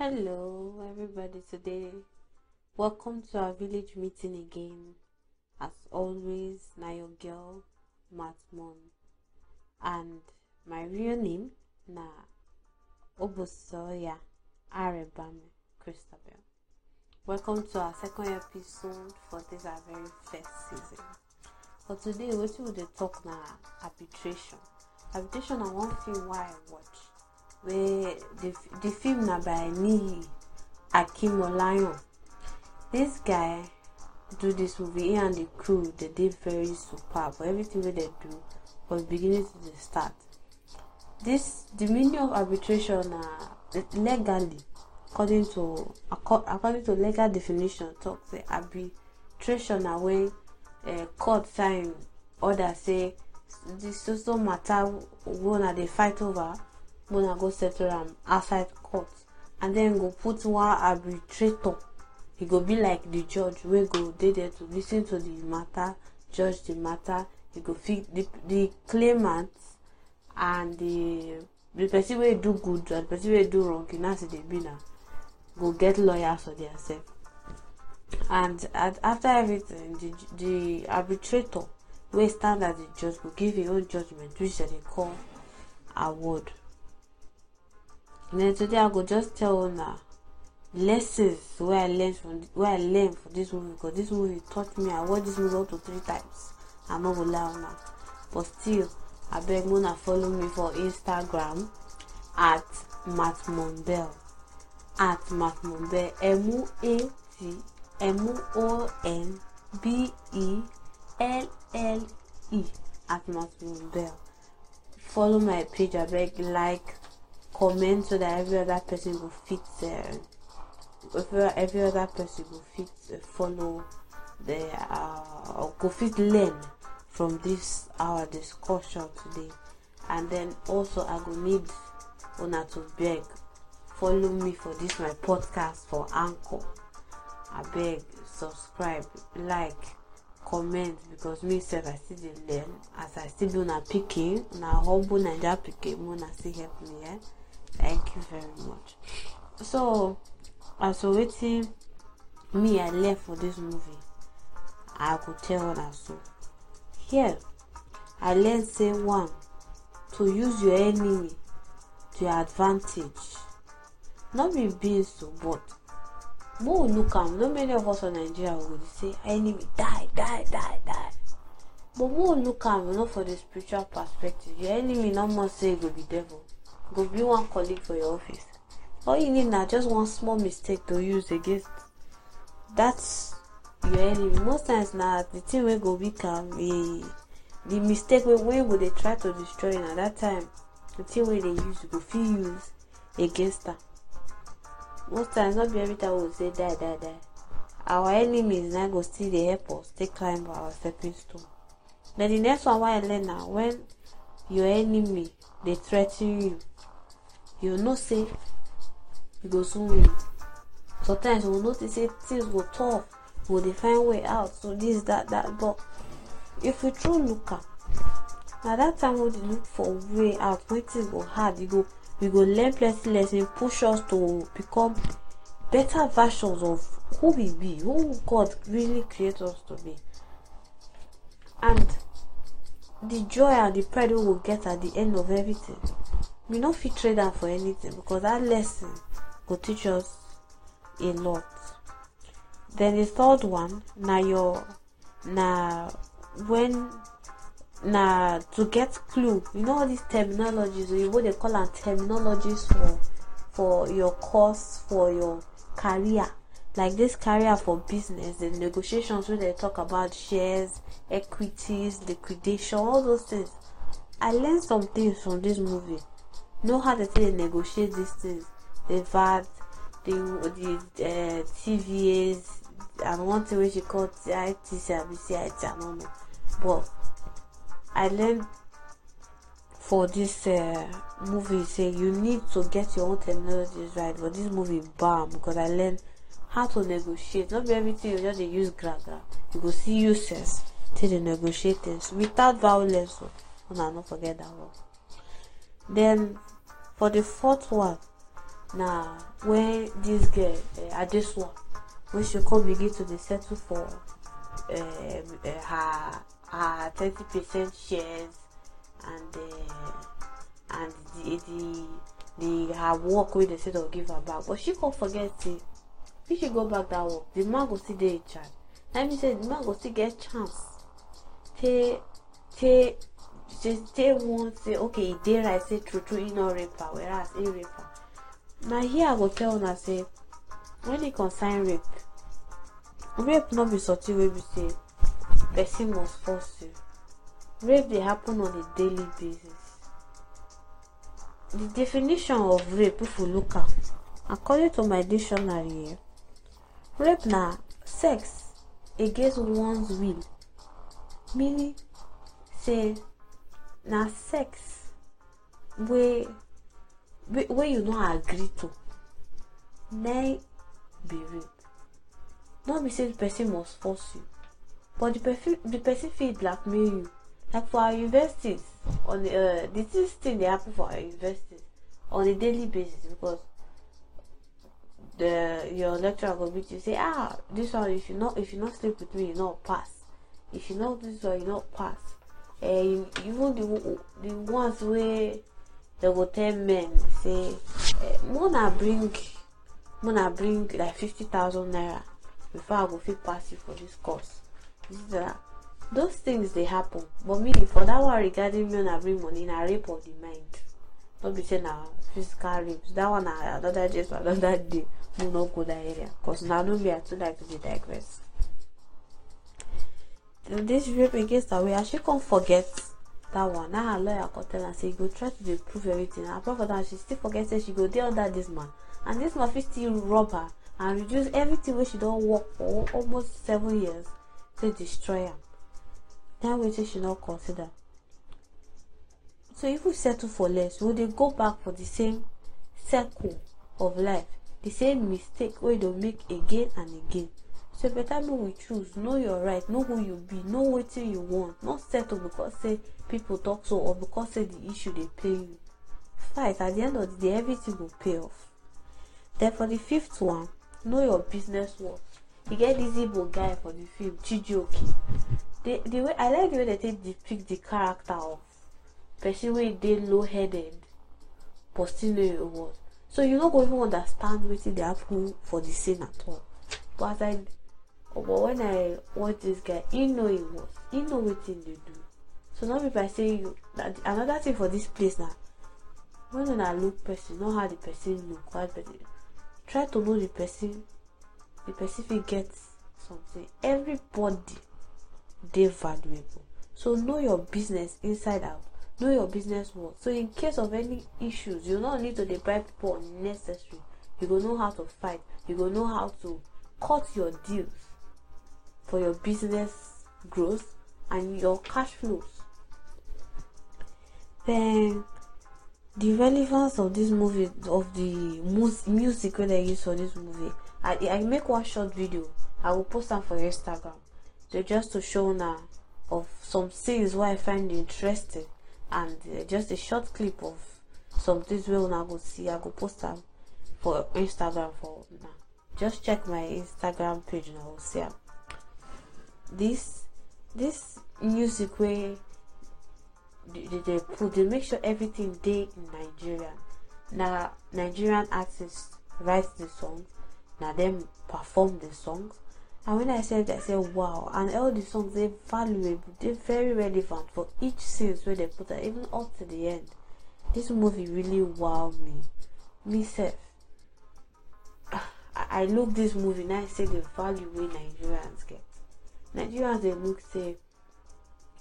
Hello, everybody, today. Welcome to our village meeting again. As always, now your girl, Matmon. And my real name, na Obosoya Arebame Christabel. Welcome to our second episode for this our very first season. For today, what we will talk now arbitration. Arbitration, I won't feel why I watch. wey the, the film na by Niyi Akinmolayan. This guy do this movie, he and the crew they did very superb. Everything that they do was beginning to the start. This the meaning of arbitration uh, legally according to according to legal definition talk say arbitration na when uh, court sign order say this so so matter wey una dey fight over mona go settle am outside court and then go put one arbitrator e go be like the judge wey go dey there to lis ten to the matter judge the matter e go fit the claimant and the. di person wey do good and di person wey do wrong you know, as e dey be na go get lawyers for their sef and at, after everything the the arbitrator wey stand as the judge go give him own judgement which dem dey call award and then today i go just tell una lessons where i learn from where i learn from this movie because this movie taught me i watch this movie up to three times i no go lie una but still abeg make una follow me for instagram at Matt matmonbel at Matt matmonbel m O a t m o n b e l l e at Matt matmonbel follow my page I beg like comment so that every other person will fit there. every other person will fit uh, follow the uh, or go fit learn from this our discussion today and then also i go need una to beg follow me for this my podcast for anchor i beg subscribe like comment because me sef i still learn as i still be una pikin humble naija picking make still help me eh. thank you very much so as for wetin me i learn for this movie i go tell una so here i learn say one to use your enemy to your advantage no be beans o but mo look am no many of us for nigeria go dey say enemy die die die die but mo look am you know for the spiritual perspective your enemy no more say e go be devil go be one colleague for your office all you need now just one small mistake to use against that's your enemy most times now, the thing will go weak the the mistake wey wey would they try to destroy now? that time the thing wey they use you go use against her. most times not be every time we say die die die our enemies now go see the help us take climb our stepping stone then the next one wey i learn now, when your enemy they threa you you know say you go soon win sometimes you notice say things go tough you go dey find way out so this that that but if you true look am na that time we dey look for way out when things go hard you go we go learn plenty lesson push us to become better versions of who we be who god really create us to be and the joy and the pride we go get at the end of everything we no fit trade am for anything because that lesson will teach us a lot then the third one now your now when now to get clue you know all these terminologies what they call am terminologies for for your course for your career like this career for business the negotiations where they talk about shares equities liquidation all those things i learn some things from this movie know how to say negotiate these things the VAT, the, the uh, TVAs, and one thing which you call ITC, ABC, I don't know. But I learned for this uh, movie say you need to get your own technologies right but this movie bam because i learned how to negotiate not be everything you just use gragra you go see uses sense take negotiate things without violence o oh. I no forget that one. Then for the fourth one, na when this girl uh, Adesua, when she come begin to dey settle for um, uh, her her thirty percent shares and uh, and the the the her work wey dey say don give her back but she come forget say if she go back that work the man go still dey in charge that mean say the man go still get chance take take she say won't say okay e dey say true true e no rape her whereas e rape her na here i go tell una say when e concern rape rape no be something wey be say person must force you rape dey happen on a daily basis the definition of rape if you look am according to my dictionary here eh, rape na sex against one's will meaning say na sex where, wey you no agree to na be real no be say the person must force you but the person the person fit blackmail you like for our universities on the uh, the this thing dey happen for our universities on a daily basis because the your lecturer will meet you say ah this one if you no if you not sleep with me you no pass if you no do this one you no pass Eh, even the the ones wey dem go tell men say eh, mona bring mona bring like fifty thousand naira before i go fit pass you for this course those things dey happen but me for that one regarding me na bring money na rape of the mind no be say na physical rape that one na another day for another day we no go that area cause na no be i too like to dey digress. This rape against her way she can't forget that one now her lawyer come tell am say you go try to dey prove everything and apart from that she still forget say she go dey under this man and this man fit still rob her and reduce everything wey she don work for almost seven years to destroy am na wetin she no consider so if we settle for less we dey go back for the same circle of life the same mistake wey we dey make again and again so better make we choose know your right know who you be know wetin you want no settle because say people talk so or because say the issue dey pain you fight at the end of the day everything go pay off then for the fifth one know your business worth you e get this igbo guy for the film chijioke the the way i like the way they take depict the character of person wey dey low headed but still know your worth so you no go even understand wetin dey happen for the scene at all but as i But when I watch this guy, he know he was, he know what thing they do. So now if I say you that another thing for this place now, when I look person, know how the person look, what person try to know the person the person fit get something. Everybody they valuable. So know your business inside out. Know your business well. So in case of any issues, you not need to deprive people unnecessary. You go know how to fight. You go know how to cut your deals for your business growth and your cash flows. Then the relevance of this movie of the music that you use for this movie. I, I make one short video. I will post them for Instagram. So just to show now of some scenes where I find interesting and uh, just a short clip of some things where I go see. I go post them for Instagram for now. Just check my Instagram page and I will see them this this music way. they, they, put they make sure everything they in Nigeria. Now Nigerian artists write the songs, now them perform the songs. And when I said I said wow and all the songs they valuable, they very relevant for each scene where they put it, even up to the end. This movie really wowed me. Myself. I, I look this movie and I say the value we Nigerians get nigerians they look say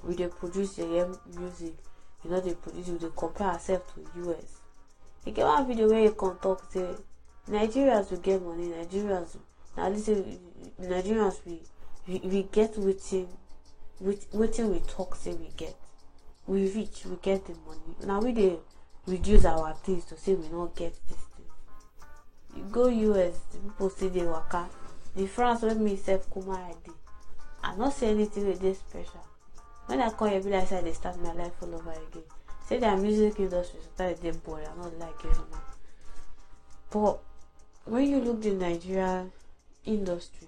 we they produce yeye music we no dey produce we they compare ourselves to us e get one video wey e come talk say nigerians we get money nigerians na at least say nigerians we we, we get with wetin we talk say we get we reach we get the money Now we they reduce our things to say we no get this thing you go us the people they work waka the france wey me sef come i I not say anything with this pressure. When I call everybody, I say they start my life all over again. Say their music industry started dey boring. I'm not like it so But when you look the Nigerian industry,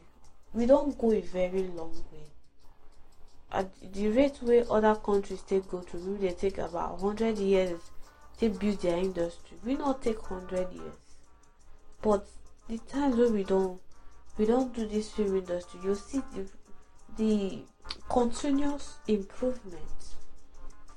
we don't go a very long way. At the rate wey other countries take go to, maybe they take about hundred years take build their industry. We not take hundred years. But the times when we don't, we don't do this film industry, you see the the continuous improvement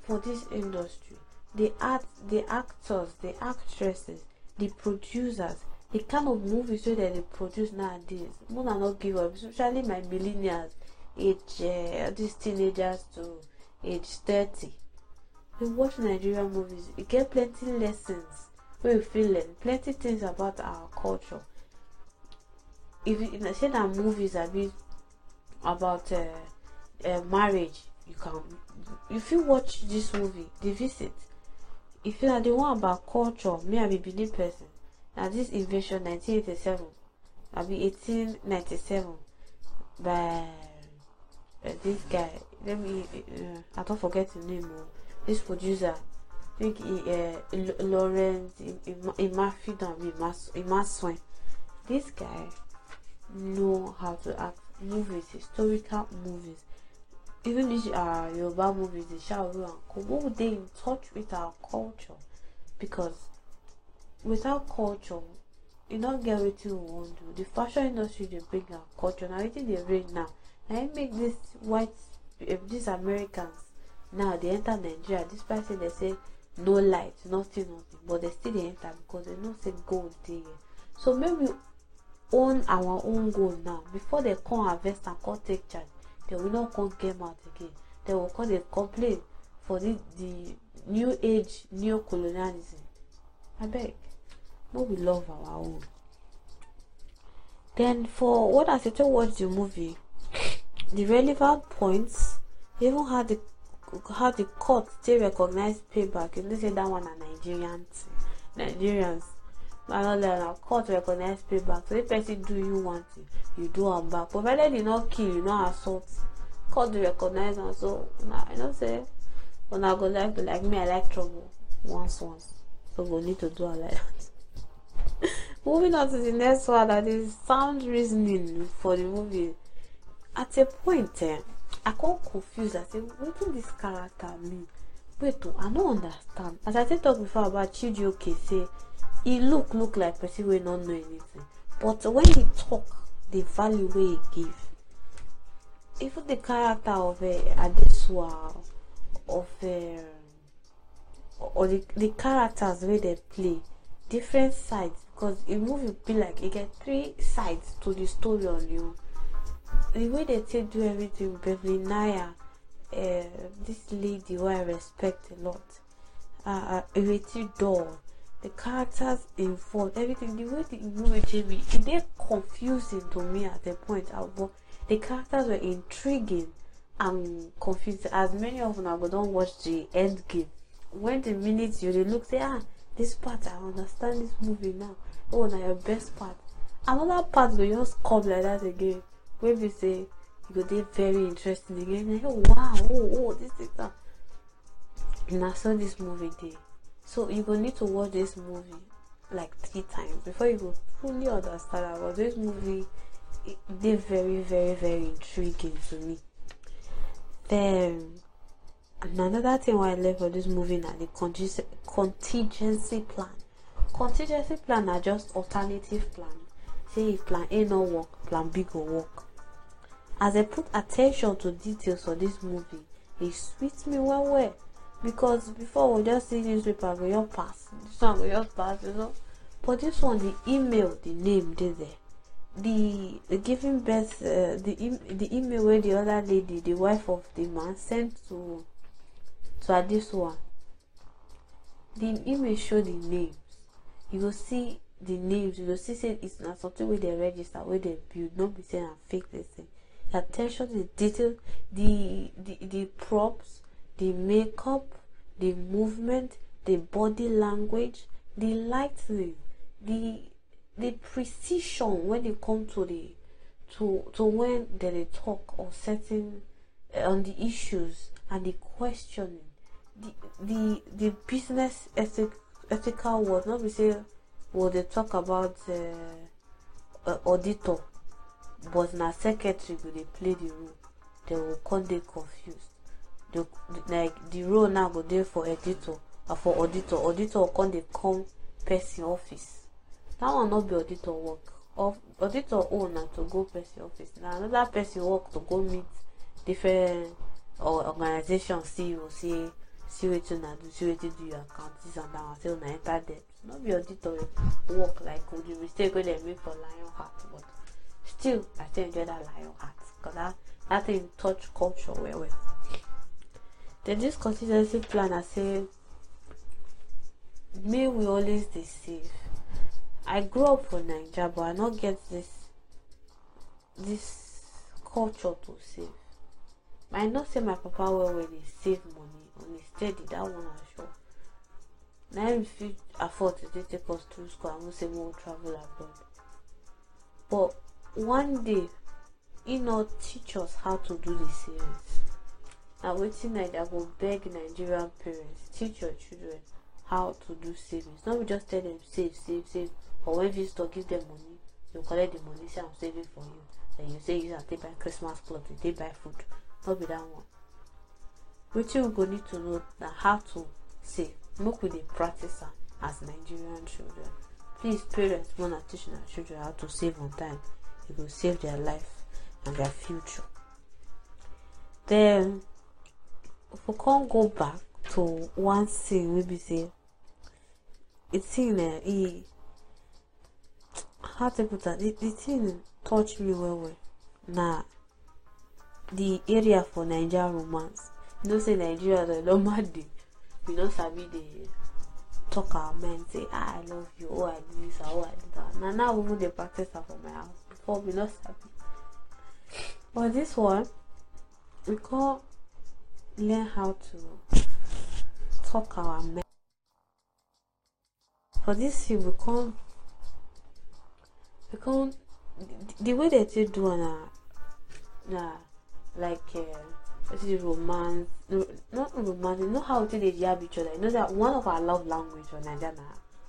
for this industry the art the actors the actresses the producers the kind of movies that they produce nowadays una not give up especially my millennials age uh, these teenagers to age thirty we watch nigerian movies We get plenty lessons we feel learn plenty things about our culture if you say that movies abi about uh, uh, marriage you can If you watch this movie the visit if you are the one about culture me i be benin person Now this invasion 1987 i be 1897 by uh, dis guy let me uh, i don't forget the name o oh. This producer think he uh, lawrence imafidon imaswen This guy know how to act movies, historical movies, even these are uh, Yoruba movies, the Shaoru and Ko, they in touch with our culture? Because without culture, you don't get what you want to. The fashion industry they bring our culture, now everything they bring now. Now it make these white, eh, these Americans now they enter Nigeria. This person they say no light, nothing, nothing, but they still they enter because they know say gold there. So maybe own our own goal now before they come harvest and come take charge they will not come get mouth again They will come dey complain for the the new age new colonialism abeg make we love our own then for what i say take watch the movie the relevant points even how the how the court take recognize payback you know say that one na nigerian thing nigerians Marolera, court recognize payback. So if person do you want it, you do am back. Provided you not kill, you not assault. Court recognize am so una I know say una go like to like me I like trouble once once. So go need to do am like that. Moving on to the next one that is sound reasoning for the movie. At a point eh, I come confused I say wetin this character mean? Wait o oh, I no understand. As I take talk before about Chijioke say He look look like person will not know anything but when he talk the value wey give even the character of uh, eh, adesua of uh, or the, the characters where they play different sides because a movie be like you get three sides to the story on you the way they take do everything beverly naya uh, this lady who i respect a lot uh, ireti doll the characters involved, everything, the way the movie Jamie, it did confusing to me at the point. But the characters were intriguing and confused. As many of them go don't watch the end game. When the minutes you they look, say, ah, this part I understand this movie now. Oh, now your best part. Another part will just come like that again. When you say you go they very interesting again. Like, oh wow, oh, oh this is that. And ah. I saw this movie day. So you will need to watch this movie like three times before you will fully understand about this movie. It, they very, very, very intriguing to me. Then another thing why I love for this movie now the contingency, contingency plan. Contingency plan are just alternative plan. Say if plan A no work, plan B go work. As I put attention to details for this movie, it sweets me well well because before we just see newspaper go your pass some one go your pass you know but this one the email the name dey there the the giving birth uh, the the email wey the other lady the wife of the man send to to her this one the email show the names you go see the names you go see say it's na something wey they register wey they build no be say na fake They say attention the detail the the the props the makeup, the movement, the body language, the lightning, the the precision when it comes to the to to when they talk or setting uh, eh, on the issues and the questioning, the the the business ethic, ethical word. Not we say what they talk about uh, uh, auditor, but na secretary will they play the role. They will come they confused. the like the role now go dey for editor and uh, for auditor auditor come dey come person office that one no be auditor work of auditor own na to go person office na another person work to go meet different or uh, organization ceo say see wetin una do see wetin do your account this and that one say una enter debt no be auditor work like o the mistake wey dem make for lion heart but still i still enjoy that lion heart because that that thing touch culture well well they this plan. I say may we always dey save i grow up for naija but i no get this this culture to save i know say my papa well well dey save money on a steady that one i sure na him fit afford to dey take us through school I we say more travel abroad but one day he no teach us how to do the savings na wetin i will beg nigerian parents teach your children how to do savings Not be just tell them save save save or when visitor give them money you collect the money say i'm saving for you then you say you am take buy christmas clothes, you take buy food Not be that one wetin we go need to know that how to save make with the practice as nigerian children please parents wanna teach their children how to save on time It will save their life and their future then we can't go back to one thing wey be say the thing na e how to put am the, the thing touch me well well na the area for naija romance you know say nigeria dem normal mad dey we no sabi dey talk our mind say ah i love you oh i do this oh i do that na now we even dey practice am for my house before we no sabi but this one we call learn how to talk our men. For this you become become the way that you do on a like uh, is romance no, not romance you know how to they yab each other you know that one of our love language on Nigeria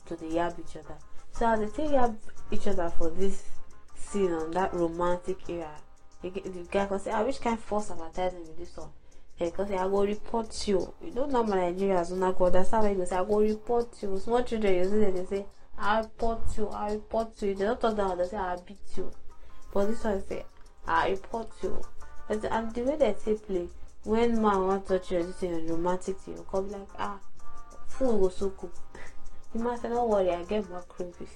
to the yab each other so as they take yab each other for this scene on that romantic era the, the guy can say I wish can force advertising with this one because I go report you. You don't know my Nigerians not that That's how I go say I go report you. Small children you see they say I report you, I report you. They don't talk down they say I beat you. But this one say I report you. And the way they say play, when man want touch you, this is romantic thing. You come like ah, food go so cook. You must say don't worry, I get more crayfish.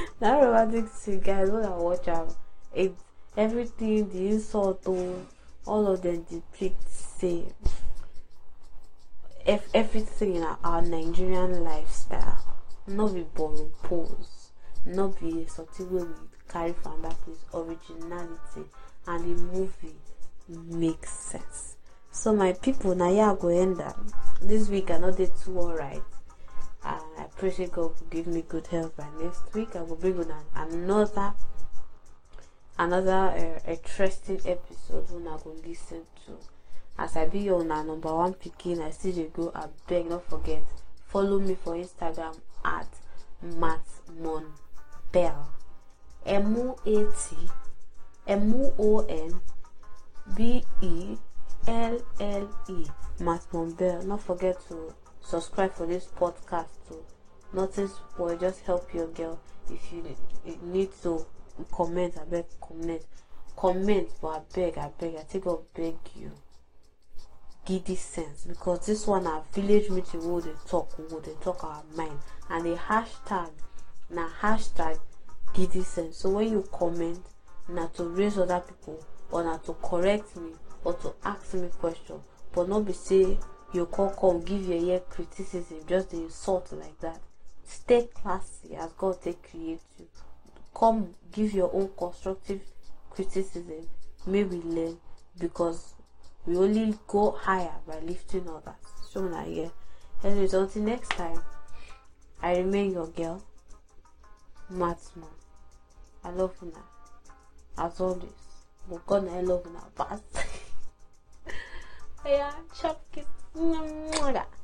that romantic thing, guys. What I watch out, it's everything, the insult, oh. all of them depict same if everything in our, Nigerian lifestyle not be boring pose not be something wey we carry from that place originality and the movie makes sense so my people now here i go end up this week i know dey too alright i appreciate god go give me good health by next week i will bring una another another uh, interesting episode when I go listen to as i be on una number one picking, i see you go. I beg not forget follow me for instagram at matmonbell m-o-a-t-m-o-n-b-e-l-l-e Bell. Not forget to subscribe for this podcast too nothing will just help your girl if you need to. comment abeg comment comment but abeg abeg i take god beg you giddy sense because this one na village meeting wey we dey talk we dey talk our mind and the hashtag na hashtag giddy sense so when you comment na to raise other people or na to correct me or to ask me question but no be say you come come give your ear criticism just dey insult like that stay classy as god take create you Come, give your own constructive criticism. May we learn because we only go higher by lifting others. So now here. Anyways, until next time, I remain your girl, Matsman. I love you now. As always, but God, I love you now. Pass. yeah, chop kiss.